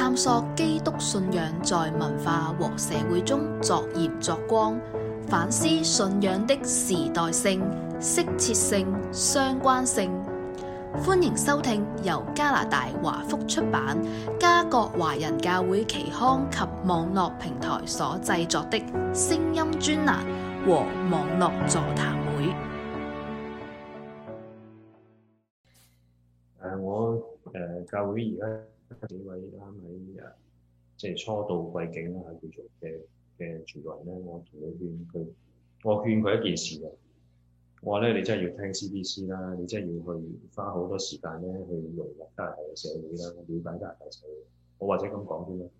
探索基督信仰在文化和社會中作鹽作光，反思信仰的時代性、適切性、相關性。歡迎收聽由加拿大華福出版、加國華人教會期刊及網絡平台所製作的聲音專欄和網絡座談會。誒，我誒，教會而家。幾位啱喺誒，即係初到貴境啦，叫做嘅嘅住民咧，我同佢勸佢，我勸佢一件事啊。我話咧，你真係要聽 C B C 啦，你真係要去花好多時間咧去融入加拿大社會啦，了解加拿大社會。我或者咁講啲咧，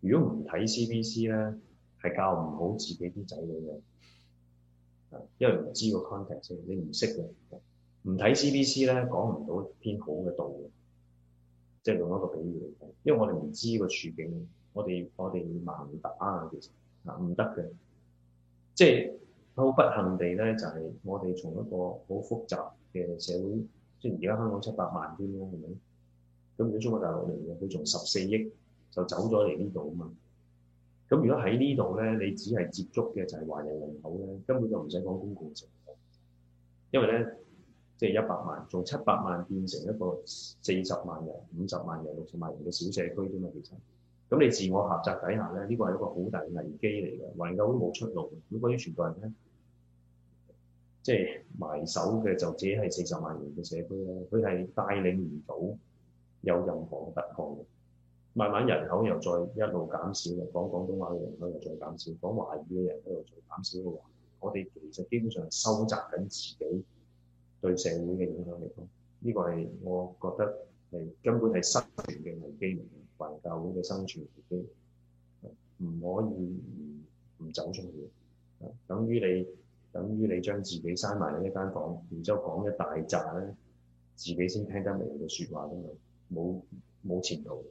如果唔睇 C B C 咧，係教唔好自己啲仔女嘅，啊，因為唔知個 context 先，你唔識嘅，唔睇 C B C 咧，講唔到一篇好嘅道理。即係用一個比喻嚟講，因為我哋唔知個處境，我哋我哋盲打其實嗱唔得嘅，即係好不幸地咧，就係、是、我哋從一個好複雜嘅社會，即係而家香港七百萬添啦，係咪？咁如果中國大陸嚟嘅，佢從十四億就走咗嚟呢度啊嘛，咁如果喺呢度咧，你只係接觸嘅就係華人人口咧，根本就唔使講公共性，因為咧。即係一百萬，從七百萬變成一個四十萬人、五十萬人、六十萬人嘅小社區啫嘛。其實，咁你自我狹窄底下咧，呢個係一個好大嘅危機嚟嘅。環球都冇出路，咁果啲全部人咧，即係埋手嘅，就只係四十萬人嘅社區咧，佢係帶領唔到有任何突破嘅。慢慢人口又再一路減少，講廣東話嘅人口又再減少，講華語嘅人口又再減少嘅話，我哋其實基本上收窄緊自己。對社會嘅影響嚟講，呢個係我覺得係根本係生存嘅危機，佛教會嘅生存危機，唔可以唔走出去。等於你等於你將自己閂埋喺一間房間，然之後講一大扎咧，自己先聽得明嘅説話，都係冇冇前途。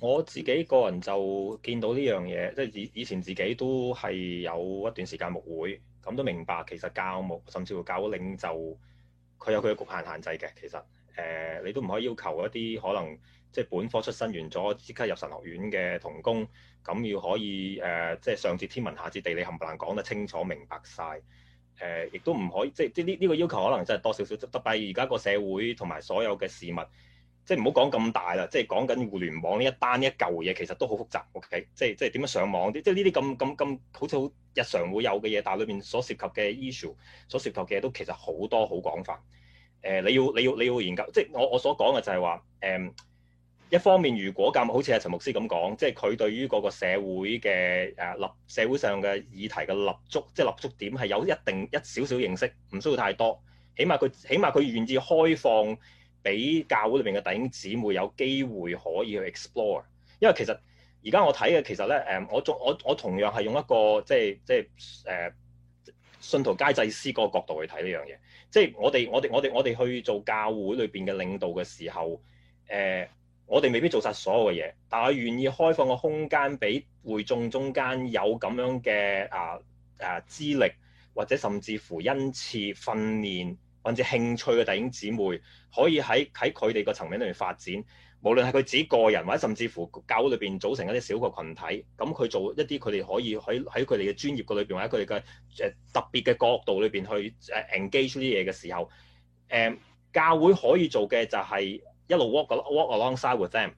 我自己個人就見到呢樣嘢，即係以以前自己都係有一段時間木會。咁都明白，其實教牧甚至乎教領袖佢有佢嘅局限限制嘅。其實誒、呃，你都唔可以要求一啲可能即係本科出身完咗即刻入神學院嘅童工，咁要可以誒，即、呃、係、就是、上至天文下至地理冚唪唥講得清，清楚明白晒，誒、呃，亦都唔可以，即係呢呢個要求可能真係多少少得滯。而家個社會同埋所有嘅事物，即係唔好講咁大啦，即係講緊互聯網呢一單呢一舊嘢，其實都好複雜。O K，即係即係點樣上網啲，即係呢啲咁咁咁好似好。日常會有嘅嘢，但係裏面所涉及嘅 issue，所涉及嘅嘢都其實好多好廣泛。誒、呃，你要你要你要研究，即係我我所講嘅就係話，誒、嗯、一方面如果咁好似阿陳牧師咁講，即係佢對於嗰個社會嘅誒立社會上嘅議題嘅立足，即係立足點係有一定一少少認識，唔需要太多，起碼佢起碼佢願意開放俾教會裏面嘅弟兄姊妹有機會可以去 explore，因為其實。而家我睇嘅其實咧，誒，我仲我我同樣係用一個即係即係誒、呃、信徒皆祭司個角度去睇呢樣嘢。即係我哋我哋我哋我哋去做教會裏邊嘅領導嘅時候，誒、呃，我哋未必做晒所有嘅嘢，但我願意開放個空間俾會眾中，中間有咁樣嘅啊啊資歷或者甚至乎恩賜訓練或者興趣嘅弟兄姊妹，可以喺喺佢哋個層面裏面發展。無論係佢自己個人，或者甚至乎教會裏邊組成一啲小個群體，咁佢做一啲佢哋可以喺喺佢哋嘅專業個裏邊，或者佢哋嘅誒特別嘅角度裏邊去誒 engage 啲嘢嘅時候，誒、嗯、教會可以做嘅就係一路 walk walk alongside with them，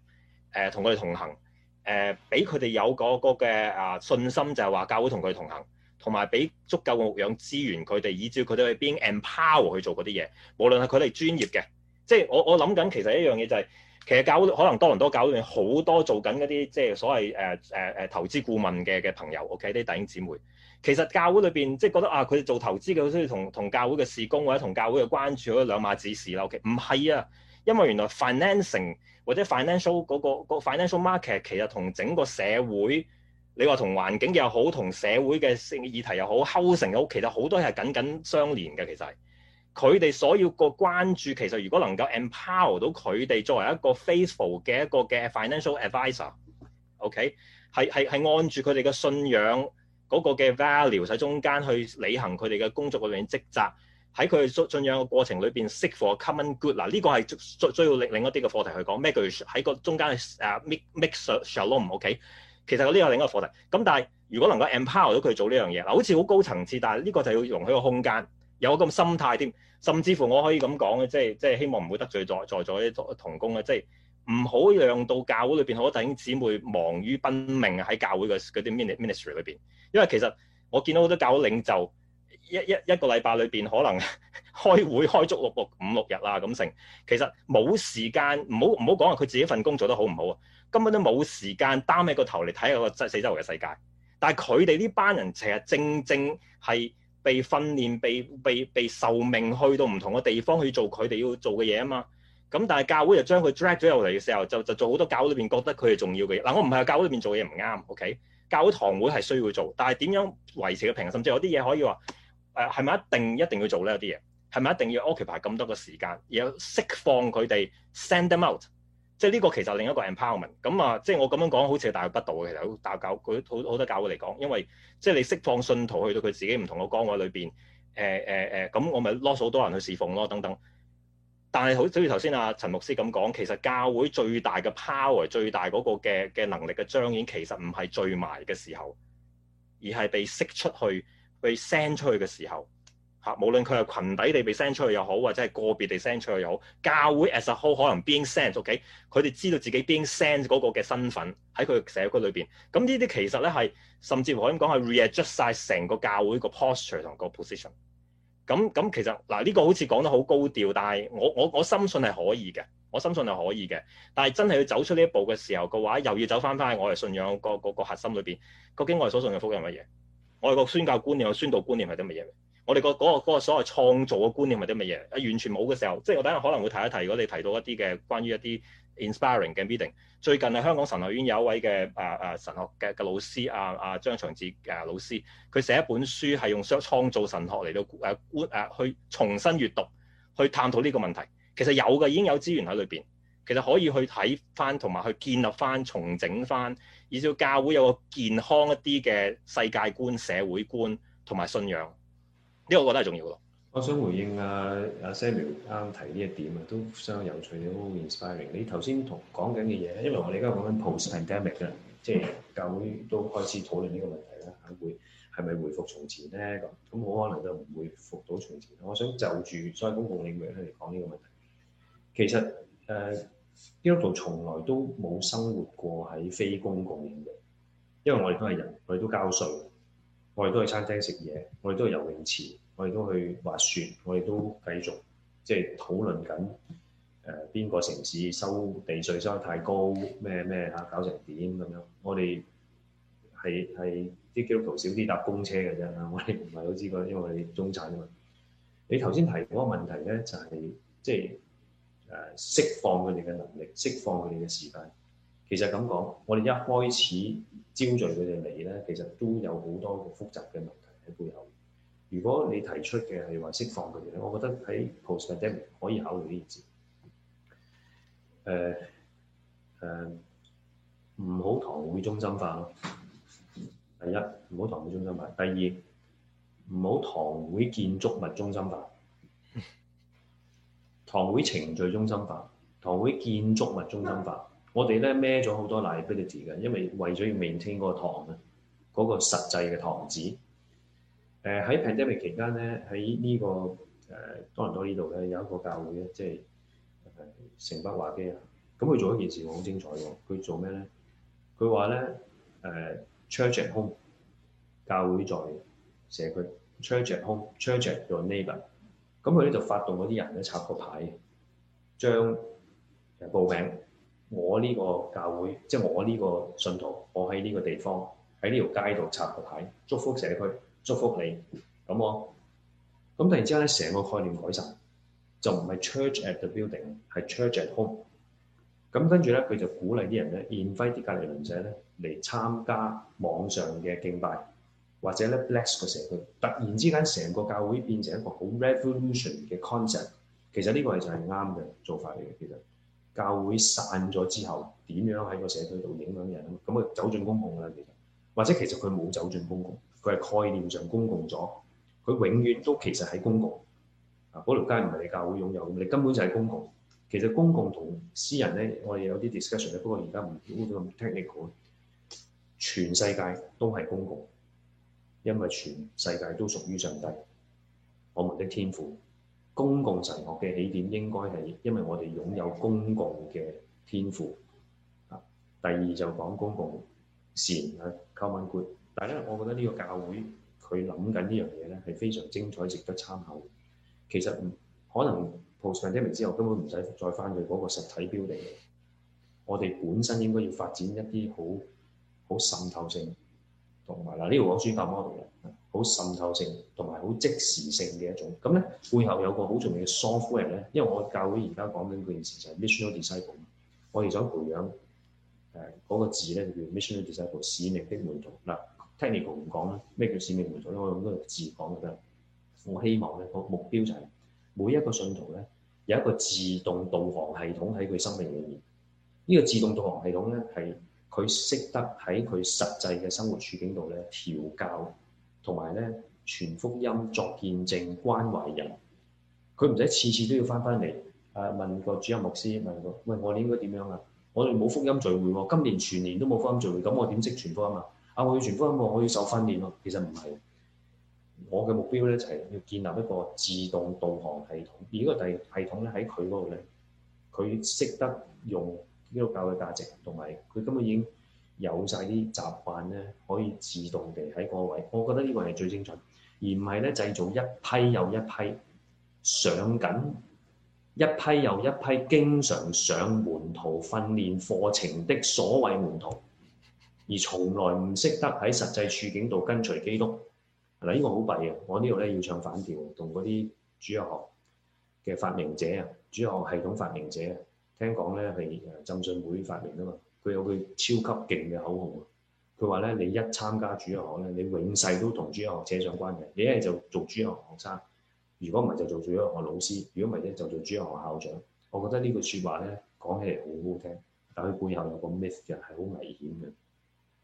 誒同佢哋同行，誒俾佢哋有嗰、那個嘅啊、那個、信心，就係話教會同佢同行，同埋俾足夠嘅牧養資源佢哋，以至佢哋去 being empowered 去做嗰啲嘢。無論係佢哋專業嘅，即係我我諗緊其實一樣嘢就係、是。其實教會可能多倫多教會好多做緊嗰啲即係所謂誒誒誒投資顧問嘅嘅朋友，OK 啲弟兄姊妹，其實教會裏邊即係覺得啊，佢哋做投資嘅好似同同教會嘅事工或者同教會嘅關注嗰兩碼子事啦，OK 唔係啊，因為原來 financing 或者 financial 嗰、嗰個、嗰個、financial market 其實同整個社會，你話同環境又好，同社會嘅政議題又好，housing 又好，其實好多嘢係緊緊相連嘅，其實。佢哋所要個關注，其實如果能夠 empower 到佢哋作為一個 faithful 嘅一個嘅 financial advisor，OK？係係係按住佢哋嘅信仰嗰個嘅 value 喺中間去履行佢哋嘅工作裏面職責，喺佢信仰嘅過程裏邊 seek for common good。嗱、這、呢個係需要另另一啲嘅課題去講，咩叫喺個中間去誒 make make shalom？OK，、okay? 其實呢個另一個課題。咁但係如果能夠 empower 到佢做呢樣嘢，嗱好似好高層次，但係呢個就要容許個空間。有咁心態添，甚至乎我可以咁講咧，即係即係希望唔會得罪在在座啲同工咧，即係唔好讓到教會裏邊好多弟兄姊妹忙於奔命喺教會嘅嗰啲 ministry 裏邊，因為其實我見到好多教會領袖一一一個禮拜裏邊可能 開會開足六六五六日啦咁成，其實冇時間，唔好唔好講話佢自己份工做得好唔好啊，根本都冇時間擔起個頭嚟睇下個四周圍嘅世界，但係佢哋呢班人其實正正係。被訓練、被被被受命去到唔同嘅地方去做佢哋要做嘅嘢啊嘛，咁但係教會就將佢 drag 咗入嚟嘅時候，就就做好多教會裏邊覺得佢係重要嘅嘢嗱，我唔係教會裏邊做嘢唔啱，OK？教會堂會係需要做，但係點樣維持個平衡，甚至有啲嘢可以話誒，係咪一定一定要做呢？有啲嘢係咪一定要 occupy 咁多個時間，而釋放佢哋 send them out？即係呢個其實另一個 empowerment 咁啊，即係我咁樣講好似係大逆不道嘅。其實都教教佢好多教會嚟講，因為即係你釋放信徒去到佢自己唔同個崗位裏邊，誒誒誒，咁、呃呃、我咪攞數好多人去侍奉咯等等。但係好，好似頭先阿陳牧師咁講，其實教會最大嘅 power、最大嗰個嘅嘅能力嘅彰顯，其實唔係聚埋嘅時候，而係被釋出去、被 send 出去嘅時候。嚇！無論佢係群體地被 send 出去又好，或者係個別地 send 出去又好，教會 as a whole 可能 being sent，OK？、Okay？佢哋知道自己 being sent 嗰個嘅身份喺佢社區裏邊，咁呢啲其實咧係甚至乎可以講係 re-adjust 曬成個教會個 posture 同個 position。咁咁其實嗱呢、呢個好似講得好高調，但係我我我深信係可以嘅，我深信係可以嘅。但係真係要走出呢一步嘅時候嘅話，又要走翻翻去我哋信仰、嗰個、嗰個核心裏邊，究竟我哋所信嘅福音係乜嘢？我哋個宣教觀念，個宣道觀念係啲乜嘢？我哋個嗰個所謂創造嘅觀念係啲乜嘢？啊，完全冇嘅時候，即係我等下可能會提一提。如果你提到一啲嘅關於一啲 inspiring 嘅 meeting，最近係香港神學院有一位嘅啊啊神學嘅嘅老師啊啊張長志啊老師，佢、啊啊、寫一本書係用創造神學嚟到誒觀去重新閱讀去探討呢個問題。其實有嘅已經有資源喺裏邊，其實可以去睇翻同埋去建立翻重整翻，以至教會有個健康一啲嘅世界觀、社會觀同埋信仰。呢個我覺得係重要嘅咯。我想回應阿、啊、阿 Samuel 啱提呢一點啊，都相當有趣，都 inspiring。你頭先同講緊嘅嘢，因為我哋而家講緊 post-pandemic 咧，emic，即係教會都開始討論呢個問題啦，會係咪回復從前咧？咁咁好可能就唔會復到從前。我想就住所在公共領域咧嚟講呢個問題，其實誒，基督徒從來都冇生活過喺非公共領域，因為我哋都係人，我哋都交稅。我哋都去餐廳食嘢，我哋都去游泳池，我哋都去滑雪，我哋都繼續即係討論緊誒邊個城市收地稅收得太高咩咩嚇搞成點咁樣？我哋係係啲基督徒少啲搭公車嘅啫，我哋唔係好知㗎，因為我哋中產啊嘛。你頭先提嗰個問題咧，就係、係、即係誒釋放佢哋嘅能力，釋放佢哋嘅時間。其實咁講，我哋一開始招聚佢哋嚟咧，其實都有好多嘅複雜嘅問題喺背後。如果你提出嘅係話釋放佢哋咧，我覺得喺 post pandemic 可以考慮呢件事。誒、呃、誒，唔、呃、好堂會中心化咯。第一，唔好堂會中心化。第二，唔好堂會建築物中心化。堂會程序中心化，堂會建築物中心化。 我哋咧孭咗好多 liability 嘅，因為為咗要 maintain 個堂啊，嗰、那個實際嘅堂址。誒喺 pandemic 期間咧，喺、這個呃、呢個誒多倫多呢度咧有一個教會咧，即係誒、呃、城北華基啊。咁佢做一件事好精彩嘅，佢做咩咧？佢話咧誒 Church at home，教會在社區 Church at home，Church at your neighbour。咁佢咧就發動嗰啲人咧插個牌，將誒報名。我呢個教會，即係我呢個信徒，我喺呢個地方喺呢條街度插個牌，祝福社區，祝福你。咁我咁突然之間咧，成個概念改曬，就唔係 church at the building，係 church at home。咁跟住咧，佢就鼓勵啲人咧，invite 啲隔離鄰舍咧嚟參加網上嘅敬拜，或者咧 bless 個社區。突然之間，成個教會變成一個好 revolution 嘅 concept。其實呢個係就係啱嘅做法嚟嘅，其實。教會散咗之後，點樣喺個社區度影響人？咁佢走進公共啦，其實，或者其實佢冇走進公共，佢係概念上公共咗，佢永遠都其實喺公共。啊，條街唔係你教會擁有，你根本就係公共。其實公共同私人咧，我哋有啲 discussion 咧，不過而家唔咁 Technical。全世界都係公共，因為全世界都屬於上帝。我們的天父。公共神學嘅起點應該係，因為我哋擁有公共嘅天賦。啊，第二就講公共善啊，購物館。但係咧，我覺得呢個教會佢諗緊呢樣嘢咧，係非常精彩，值得參考嘅。其實唔可能 post pandemic 之後根本唔使再翻去嗰個實體標地。我哋本身應該要發展一啲好好滲透性同埋嗱，呢度我專教 model 啊。好滲透性同埋好即時性嘅一種咁咧，背後有個好重要嘅 software 咧。因為我教會而家講緊嘅件事就係 missional disciple。我哋想培養誒嗰、呃那個字咧，就叫 missional disciple 使命的門徒嗱。呃、technical 唔講咩叫使命門徒呢，因為我用個字講嘅啫。我希望咧個目標就係每一個信徒咧有一個自動導航系統喺佢生命裏面。呢、這個自動導航系統咧係佢識得喺佢實際嘅生活處境度咧調校。同埋咧，傳福音、作見證、關懷人，佢唔使次次都要翻返嚟，誒、啊、問個主任牧師問個，喂我哋應該點樣啊？我哋冇福音聚會，啊，今年全年都冇福音聚會，咁、啊、我點識傳福音啊？啊我要傳福音，啊，我我要受訓練喎、啊。其實唔係，我嘅目標咧就係、是、要建立一個自動導航系統，而呢個第系統咧喺佢嗰度咧，佢識得用基督教嘅價值，同埋佢根本已經，有晒啲習慣咧，可以自動地喺個位，我覺得呢個係最精彩，而唔係咧製造一批又一批上緊一批又一批經常上門徒訓練課程的所謂門徒，而從來唔識得喺實際處境度跟隨基督，嗱，呢個好弊啊，我呢度咧要唱反調，同嗰啲主學嘅發明者啊，主學系統發明者啊，聽講咧係誒浸信會發明啊嘛。佢有句超級勁嘅口號佢話咧：你一參加主日學咧，你永世都同主日學扯上關係。你一係就做主日學學生，如果唔係就做主日學老師，如果唔係咧就做主日學校長。我覺得句呢句説話咧講起嚟好好聽，但佢背後有個 myth 嘅係好危險嘅，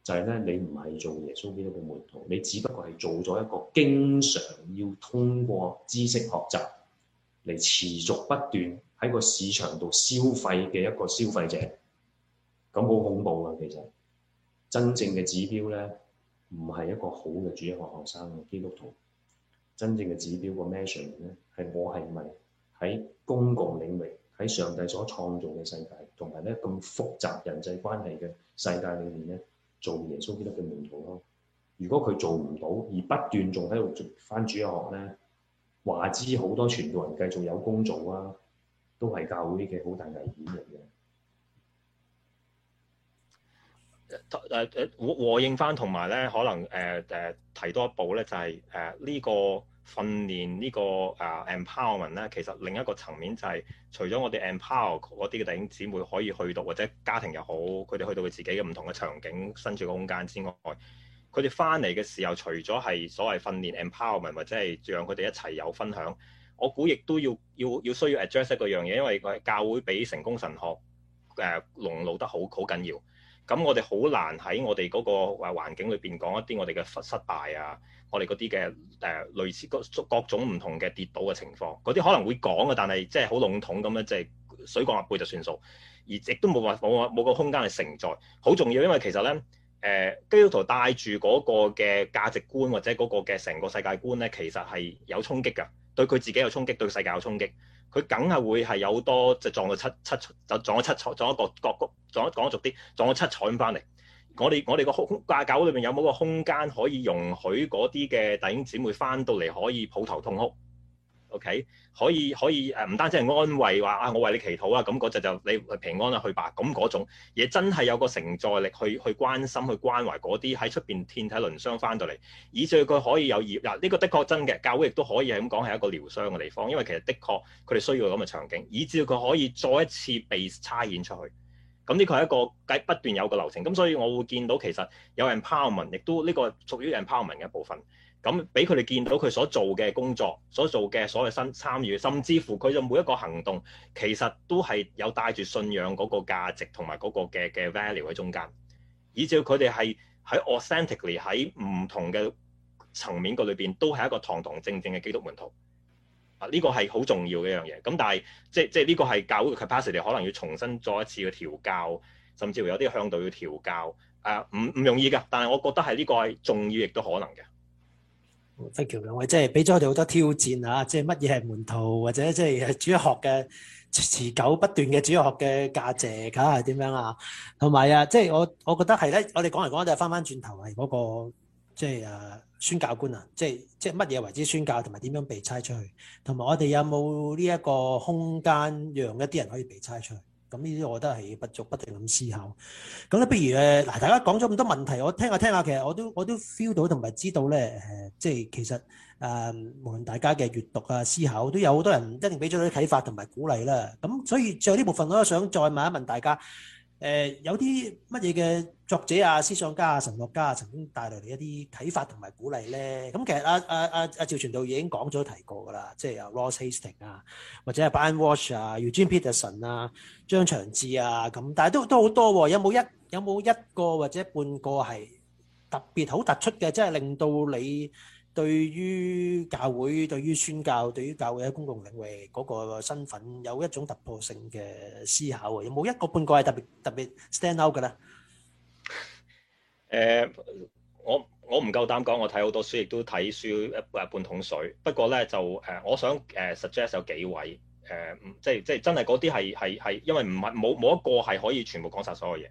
就係、是、咧你唔係做耶穌基督嘅門徒，你只不過係做咗一個經常要通過知識學習嚟持續不斷喺個市場度消費嘅一個消費者。咁好恐怖啊！其實真正嘅指標咧，唔係一個好嘅主日學學生嘅基督徒。真正嘅指標個 measurement 咧，係我係咪喺公共領域喺上帝所創造嘅世界，同埋咧咁複雜人際關係嘅世界裏面咧，做耶穌基督嘅門徒咯？如果佢做唔到，而不斷仲喺度做翻主日學咧，話之好多傳道人繼續有工做啊，都係教會嘅好大危險嚟嘅。誒誒和應翻，同埋咧可能誒誒、呃呃、提多一步咧，就係誒呢個訓練呢個誒 empowerment 咧，呃、Emp ment，其實另一個層面就係、是、除咗我哋 empower 嗰啲嘅弟兄姊妹可以去到，或者家庭又好，佢哋去到佢自己嘅唔同嘅場景、身處嘅空間之外，佢哋翻嚟嘅時候，除咗係所謂訓練 empowerment 或者係讓佢哋一齊有分享，我估亦都要要要需要 address 嗰樣嘢，因為教會俾成功神學誒籠絡得好好緊要。咁我哋好難喺我哋嗰個環境裏邊講一啲我哋嘅失敗啊，我哋嗰啲嘅誒類似各各種唔同嘅跌倒嘅情況，嗰啲可能會講嘅，但係即係好籠統咁樣，即係水過鴨背就算數，而亦都冇話冇冇個空間嚟承載。好重要，因為其實咧，誒、呃，基督徒帶住嗰個嘅價值觀或者嗰個嘅成個世界觀咧，其實係有衝擊㗎，對佢自己有衝擊，對世界有衝擊。佢梗係會係有多就撞到七七就撞咗七,七彩撞一個國國撞一，講俗啲撞咗七彩咁翻嚟，我哋我哋個空架構裏邊有冇個空間可以容許嗰啲嘅弟兄姊妹翻到嚟可以抱頭痛哭？O.K. 可以可以誒，唔單止係安慰話啊，我為你祈禱啊，咁嗰陣就你平安啊去吧。咁、嗯、嗰種嘢真係有個承載力去，去去關心、去關懷嗰啲喺出邊天體鱗傷翻到嚟，以至佢可以有業嗱呢個的確真嘅，教會亦都可以係咁講係一個療傷嘅地方，因為其實的確佢哋需要咁嘅場景，以至佢可以再一次被差遣出去。咁、嗯、呢、這個係一個繼不斷有個流程，咁、嗯、所以我會見到其實有 empowerment，亦都呢個屬於有 empowerment 嘅一部分。咁俾佢哋見到佢所做嘅工作，所做嘅所謂參參與，甚至乎佢嘅每一個行動，其實都係有帶住信仰嗰個價值同埋嗰個嘅嘅 value 喺中間，以至佢哋係喺 authentically 喺唔同嘅層面個裏邊都係一個堂堂正正嘅基督門徒啊。呢個係好重要嘅一樣嘢。咁但係即即呢個係教會 capacity，可能要重新再一次嘅調教，甚至乎有啲向度要調教，誒唔唔容易㗎。但係我覺得係呢個係重要，亦都可能嘅。非橋兩位即係俾咗我哋好多挑戰啊！即係乜嘢係門徒，或者即係主要學嘅持久不斷嘅主要學嘅價值，咁係點樣啊？同埋啊，即係我我覺得係咧，我哋講嚟講去都係翻翻轉頭係嗰、那個即係誒、啊、宣教官啊！即係即係乜嘢係為之宣教，同埋點樣被差出去，同埋我哋有冇呢一個空間，讓一啲人可以被差出去？呢啲我都係要不足，不停咁思考。咁咧，不如誒嗱，大家講咗咁多問題，我聽下聽下，其實我都我都 feel 到同埋知道咧誒、呃，即係其實誒、呃，無論大家嘅閱讀啊、思考，都有好多人一定俾咗啲啟發同埋鼓勵啦。咁所以最後呢部分，我都想再問一問大家。誒、呃、有啲乜嘢嘅作者啊、思想家啊、神學家啊，曾經帶來嚟一啲啟發同埋鼓勵咧。咁其實阿阿阿阿趙傳道已經講咗提過㗎啦，即係 Ross Hastings 啊，或者係 Brian Walsh 啊、Eugene Peterson 啊、張長志啊咁，但係都都好多喎、啊。有冇一有冇一個或者半個係特別好突出嘅，即係令到你？對於教會、對於宣教、對於教會喺公共領域嗰個身份，有一種突破性嘅思考啊！有冇一個半個係特別特別 stand out 㗎喇？誒、呃，我我唔夠膽講，我睇好多書，亦都睇書一半桶水。不過咧，就誒，我想誒 suggest 有幾位誒、呃，即係即係真係嗰啲係係係，因為唔係冇冇一個係可以全部講晒所有嘢。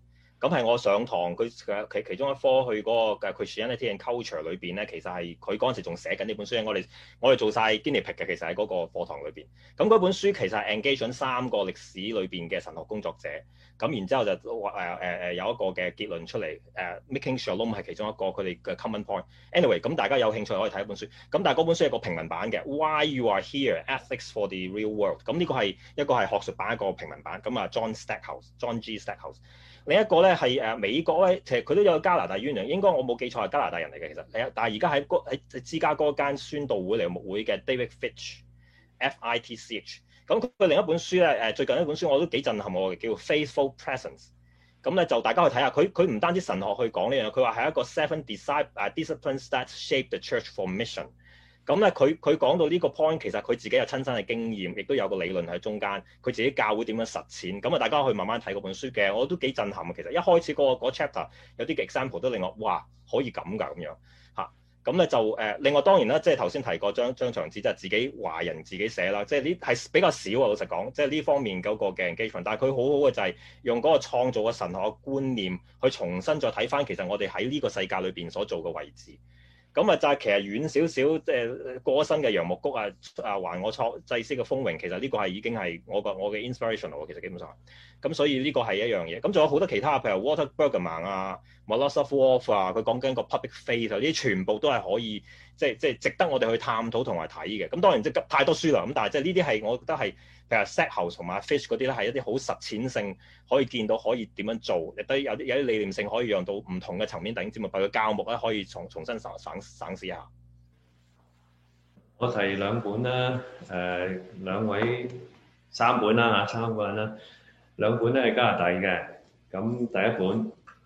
咁係我上堂佢其，其中一科去嗰個嘅佢寫緊《The n i t u r e Culture》裏邊咧，其實係佢嗰陣時仲寫緊呢本書。我哋我哋做 i 經理皮嘅，其實喺嗰個課堂裏邊。咁嗰本書其實係 e n g a g e m 三個歷史裏邊嘅神學工作者。咁然之後就誒誒誒有一個嘅結論出嚟。誒、uh, Making sure 都唔係其中一個佢哋嘅 common point。Anyway，咁大家有興趣可以睇一本書。咁但係嗰本書係個平民版嘅《Why You Are Here: Ethics for the Real World》。咁呢個係一個係學術版一個平民版。咁啊，John s t a c k h o s e j o h n G Stackhouse。另一個咧係誒美國咧，其實佢都有加拿大淵源，應該我冇記錯係加拿大人嚟嘅其實。係啊，但係而家喺喺芝加哥間宣道會嚟牧會嘅 David Fitch，F-I-T-C-H。咁佢、嗯、另一本書咧誒最近一本書我都幾震撼我嘅，叫做《Faithful Presence》。咁、嗯、咧就大家去睇下，佢佢唔單止神學去講呢、這、樣、個，佢話係一個 seven disciple disciplines that shape the church for mission. 咁咧，佢佢講到呢個 point，其實佢自己有親身嘅經驗，亦都有個理論喺中間。佢自己教會點樣實踐，咁啊大家去慢慢睇嗰本書嘅，我都幾震撼啊！其實一開始嗰個嗰個 chapter 有啲 example 都令我哇可以咁㗎咁樣嚇。咁咧就誒，另外當然啦，即係頭先提過張張長紙就係自己華人自己寫啦，即係呢係比較少啊。老實講，即係呢方面嗰個嘅 engagement，但係佢好好嘅就係用嗰個創造嘅神學嘅觀念去重新再睇翻，其實我哋喺呢個世界裏邊所做嘅位置。咁啊，就係其實遠少少，即係過咗身嘅楊木谷啊，啊，還我初祭師嘅風榮，其實呢個係已經係我個我嘅 inspirational，其實基本上，咁所以呢個係一樣嘢。咁仲有好多其他，譬如 Walter Brueggemann 啊。《Loss of War》啊，佢講緊個 public face 啊，啲全部都係可以，即係即係值得我哋去探討同埋睇嘅。咁當然即係太多書啦。咁但係即係呢啲係，我覺得係譬如 set house 同埋 fish 嗰啲咧，係一啲好實踐性，可以見到可以點樣做，亦都有啲有啲理念性，可以用到唔同嘅層面，頂尖之物佢嘅教牧咧，可以重重新省省省思一下。我提兩本啦，誒、呃、兩位三本啦嚇，三個人啦，兩本咧係加拿大嘅，咁第一本，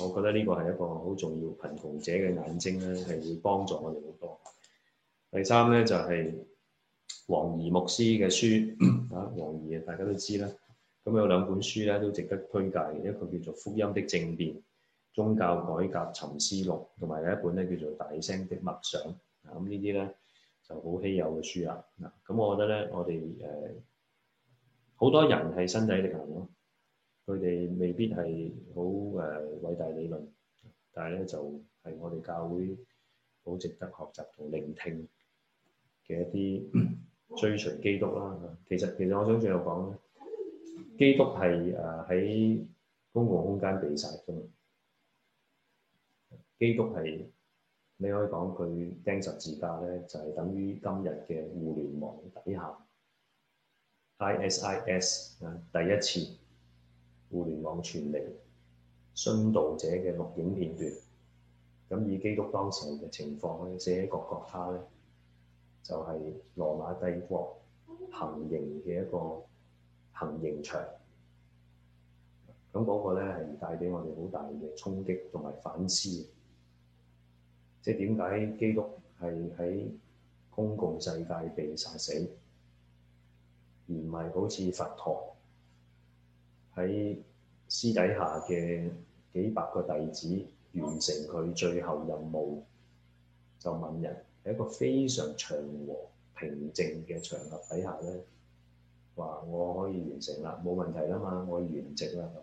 我覺得呢個係一個好重要貧窮者嘅眼睛咧，係會幫助我哋好多。第三咧就係王怡牧師嘅書啊，王怡啊，大家都知啦。咁有兩本書咧都值得推介，一個叫做《福音的政變》，宗教改革沉思錄，同埋有一本咧叫做《大聲的默想》啊。咁呢啲咧就好稀有嘅書啊。咁我覺得咧，我哋誒好多人係身體力行咯。佢哋未必係好誒偉大理論，但係咧就係、是、我哋教會好值得學習同聆聽嘅一啲追隨基督啦。其實其實我想最後講基督係誒喺公共空間被殺嘅。基督係你可以講佢釘十字架咧，就係、是、等於今日嘅互聯網底下，ISIS 啊 IS，第一次。互聯網傳嚟殉道者嘅錄影片段，咁以基督當時嘅情況咧，寫喺各各他咧，就係、是、羅馬帝國行刑嘅一個行刑場。咁嗰個咧係帶俾我哋好大嘅衝擊同埋反思，即係點解基督係喺公共世界被殺死，而唔係好似佛陀？喺私底下嘅幾百個弟子完成佢最後任務，就問人喺一個非常祥和平靜嘅場合底下咧，話我可以完成啦，冇問題啦嘛，我圓寂啦咁。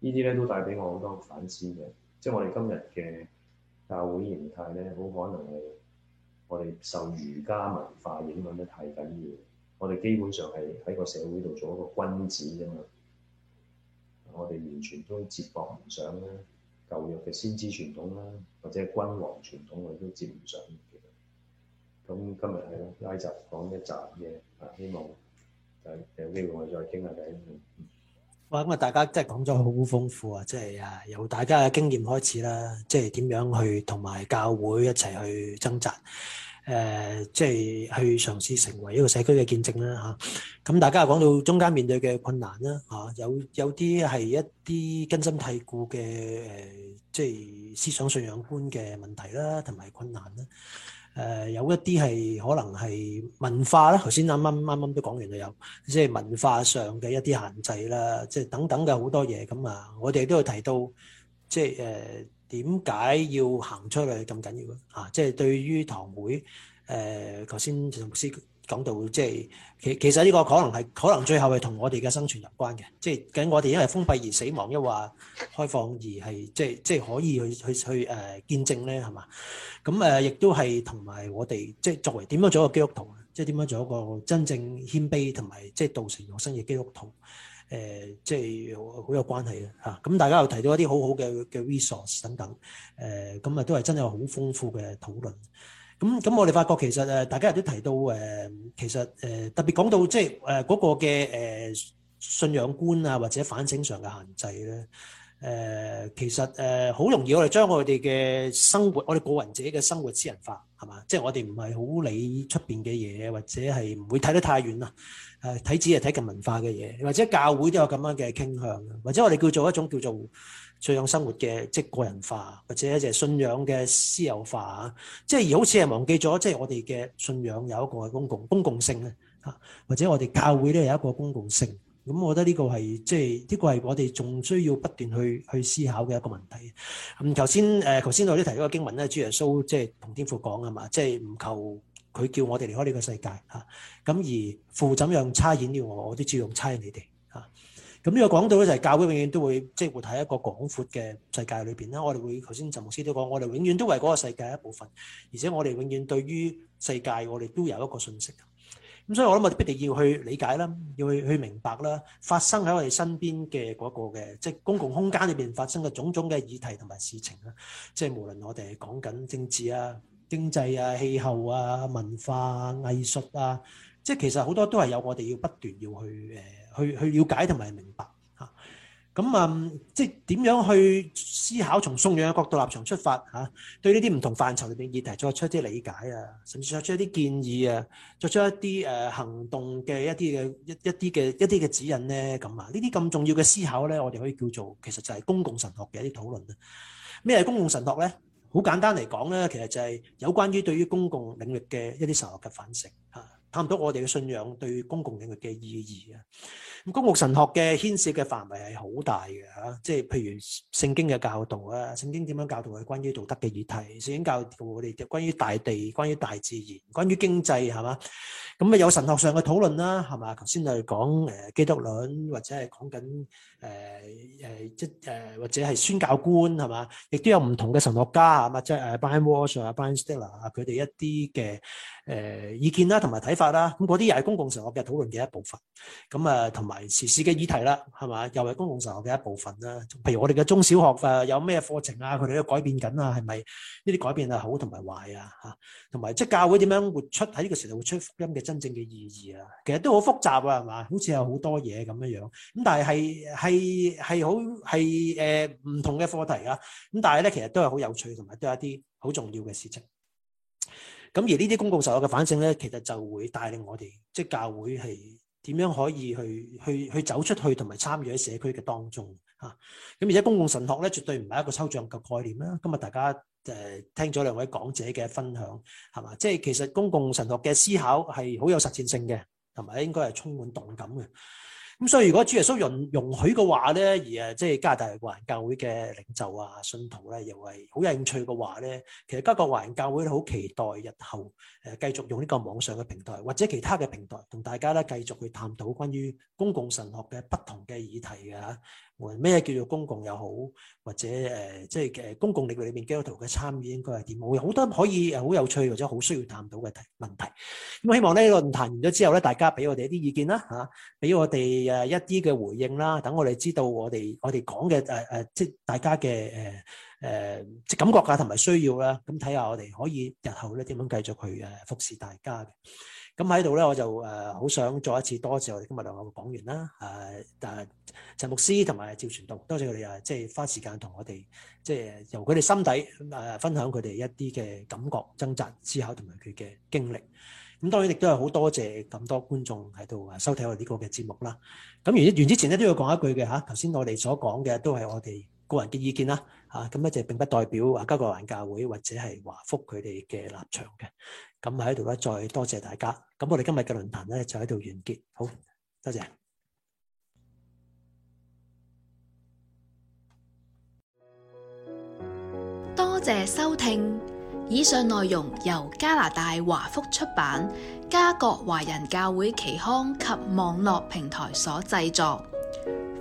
呢啲咧都帶俾我好多反思嘅，即係我哋今日嘅教會形態咧，好可能係我哋受儒家文化影響得太緊要，我哋基本上係喺個社會度做一個君子啫嘛。我哋完全都接駁唔上咧，舊約嘅先知傳統啦，或者君王傳統，我哋都接唔上，咁今日係拉雜講一集嘢，啊，希望就有機會我哋再傾下偈。嗯、 哇！咁啊，大家真係講咗好豐富啊，即係啊，由大家嘅經驗開始啦，即係點樣去同埋教會一齊去掙扎。誒、呃，即係去嘗試成為一個社區嘅見證啦，嚇、啊！咁大家又講到中間面對嘅困難啦，嚇、啊！有有啲係一啲根深蒂固嘅誒、呃，即係思想信仰觀嘅問題啦，同埋困難啦。誒、呃，有一啲係可能係文化啦，頭先啱啱啱啱都講完啦，有即係文化上嘅一啲限制啦，即係等等嘅好多嘢。咁啊，我哋都有提到，即係誒，呃點解要行出嚟咁緊要啊？啊，即係對於堂會誒，頭先牧師講到，即係其其實呢個可能係可能最後係同我哋嘅生存有關嘅，即係緊我哋因為封閉而死亡，抑或開放而係即係即係可以去去去誒見證咧，係嘛？咁誒亦都係同埋我哋即係作為點樣做一個基督徒，即係點樣做一個真正謙卑同埋即係道成肉身嘅基督徒。誒、呃，即係好有關係嘅嚇，咁、啊、大家又提到一啲好好嘅嘅 resource 等等，誒、呃，咁啊都係真係好豐富嘅討論。咁咁，我哋發覺其實誒，大家亦都提到誒、呃，其實誒、呃，特別講到即係誒嗰個嘅誒、呃、信仰觀啊，或者反省上嘅限制咧。誒、呃、其實誒好、呃、容易，我哋將我哋嘅生活，我哋個人自己嘅生活私人化，係嘛？即係我哋唔係好理出面嘅嘢，或者係唔會睇得太遠啦。誒睇只係睇近文化嘅嘢，或者教會都有咁樣嘅傾向，或者我哋叫做一種叫做信仰生活嘅即係個人化，或者一隻信仰嘅私有化啊。即係而好似係忘記咗，即係我哋嘅信仰有一個公共公共性咧嚇，或者我哋教會都有一個公共性。咁我覺得呢個係即係呢個係我哋仲需要不斷去去思考嘅一個問題。咁頭先誒頭先我哋提到嘅經文咧，主耶穌即係同天父講啊嘛，即係唔求佢叫我哋離開呢個世界啊。咁而父怎樣差遣了我，我都照樣差你哋啊。咁、這、呢個講到咧就係教會永遠都會即係、就是、活喺一個廣闊嘅世界裏邊啦。我哋會頭先陳牧師都講，我哋永遠都係嗰個世界一部分，而且我哋永遠對於世界我哋都有一個信息。咁所以我諗我哋必定要去理解啦，要去去明白啦，發生喺我哋身邊嘅嗰個嘅，即係公共空間裏邊發生嘅種種嘅議題同埋事情啦。即係無論我哋係講緊政治啊、經濟啊、氣候啊、文化、藝術啊，即係其實好多都係有我哋要不斷要去誒去去瞭解同埋明白吓。咁啊，即係點樣去思考從鬆養嘅角度立場出發嚇，對呢啲唔同範疇入邊議題作出一啲理解啊，甚至作出一啲建議啊，作出一啲誒行動嘅一啲嘅一一啲嘅一啲嘅指引咧。咁啊，呢啲咁重要嘅思考咧，我哋可以叫做其實就係公共神學嘅一啲討論啊。咩係公共神學咧？好簡單嚟講咧，其實就係有關於對於公共領域嘅一啲神學嘅反省嚇。探到我哋嘅信仰對公共領域嘅意義啊！咁公共神學嘅牽涉嘅範圍係好大嘅嚇，即係譬如聖經嘅教導啊，聖經點樣教導係關於道德嘅議題，聖經教導我哋就關於大地、關於大自然、關於經濟係嘛？咁啊有神學上嘅討論啦，係嘛？頭先就係講誒基督論，或者係講緊誒誒即係、呃、或者係宣教觀，係嘛？亦都有唔同嘅神學家啊即係誒 Brian Walsh 啊、Brian Stiller 啊，佢哋一啲嘅。誒，意見啦，同埋睇法啦，咁嗰啲又係公共常學嘅討論嘅一部分。咁啊，同埋時事嘅議題啦，係嘛，又係公共常學嘅一部分啦。譬如我哋嘅中小學誒，有咩課程是是啊？佢哋都改變緊啊，係咪？呢啲改變啊，好同埋壞啊，吓。同埋即係教會點樣活出喺呢個時代活出福音嘅真正嘅意義啊？其實都好複雜啊，係嘛？好似有好多嘢咁樣樣。咁但係係係係好係誒，唔、呃、同嘅課題啊。咁但係咧，其實都係好有趣，同埋都係一啲好重要嘅事情。咁而呢啲公共神學嘅反省咧，其實就會帶領我哋，即係教會係點樣可以去去去走出去同埋參與喺社區嘅當中嚇。咁、啊、而且公共神學咧，絕對唔係一個抽象嘅概念啦。今日大家誒、呃、聽咗兩位講者嘅分享係嘛，即係其實公共神學嘅思考係好有實踐性嘅，同埋應該係充滿動感嘅。咁所以如果主耶穌容容許嘅話咧，而誒即係加拿大華人教會嘅領袖啊、信徒咧，又係好有興趣嘅話咧，其實加國華人教會咧，好期待日後誒繼續用呢個網上嘅平台或者其他嘅平台，同大家咧繼續去探討關於公共神學嘅不同嘅議題嘅嚇。咩叫做公共又好，或者誒，即係誒公共力量裏面基督徒嘅參與應該係點？我有好多可以好有趣或者好需要探討嘅題問題。咁、嗯、希望咧，論壇完咗之後咧，大家俾我哋一啲意見啦嚇，俾、啊、我哋誒一啲嘅回應啦，等我哋知道我哋我哋講嘅誒誒，即係大家嘅誒誒即係感覺啊，同埋需要啦。咁睇下我哋可以日後咧點樣繼續去誒、呃、服侍大家嘅。咁喺度咧，我就誒好、呃、想再一次多謝我哋今日兩位講員啦，誒但係陳牧師同埋趙傳道，多謝佢哋誒即係花時間同我哋即係由佢哋心底誒、呃、分享佢哋一啲嘅感覺、掙扎、思考同埋佢嘅經歷。咁當然亦都係好多謝咁多觀眾喺度誒收睇我哋呢個嘅節目啦。咁完完之前咧都要講一句嘅嚇，頭、啊、先我哋所講嘅都係我哋個人嘅意見啦，啊咁咧就並不代表啊加國華人教會或者係華福佢哋嘅立場嘅。咁喺度咧，再多謝大家。咁我哋今日嘅論壇咧就喺度完結。好，多謝。多謝收聽，以上內容由加拿大華福出版、加國華人教會期刊及網絡平台所製作。